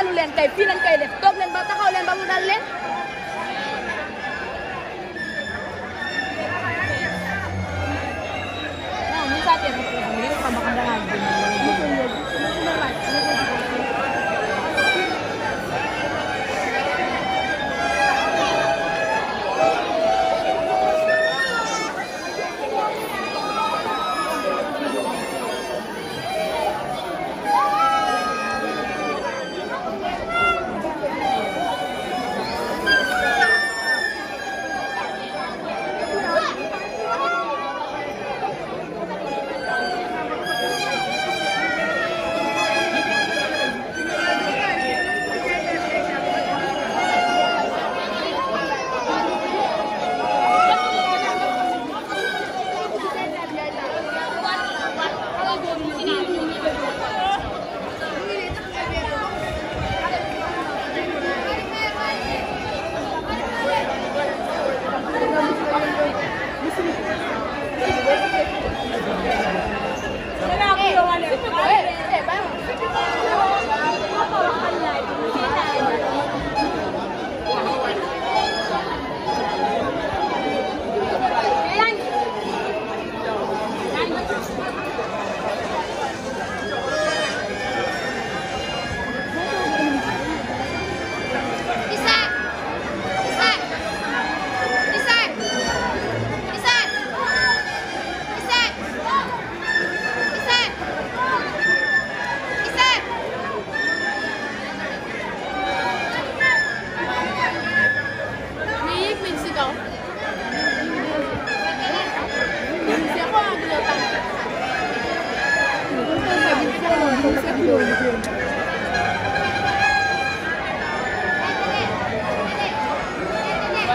dalu leen kay fii lañ koy def toog leen ba taxaw leen ba mu dal leen. non Moussa Thierno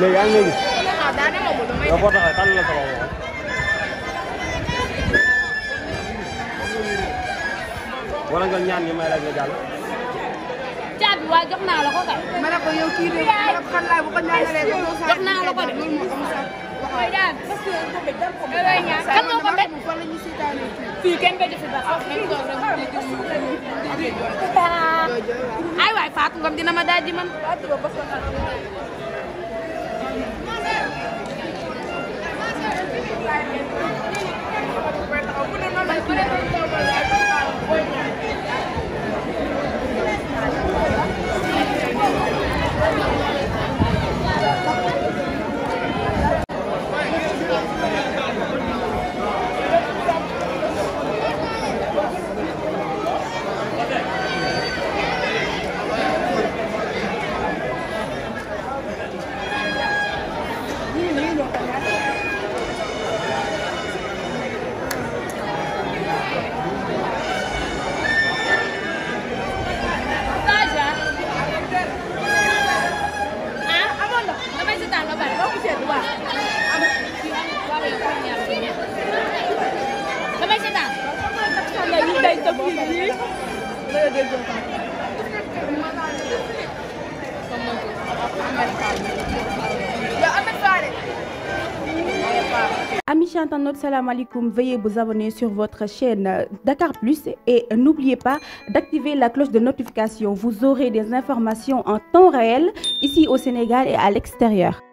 léegi yaa ngi may gis. yow foo taxee tànn la sa bopp wala nga ñaan ñu may laaj nga jàll. caat bi waaye jox naa la ko kay. ma ne ko yow kii de xam naa bu ko ñaanalee ko jox naa la ko de. parce que kan moo ko bett. fii kenn bett fi ba. ay waay Fatou Ngom dina ma daal di man. Thank you. Dawaj się tam. Ale tutaj to widzi. Amis Veuillez vous abonner sur votre chaîne Dakar Plus et n'oubliez pas d'activer la cloche de notification. Vous aurez des informations en temps réel ici au Sénégal et à l'extérieur.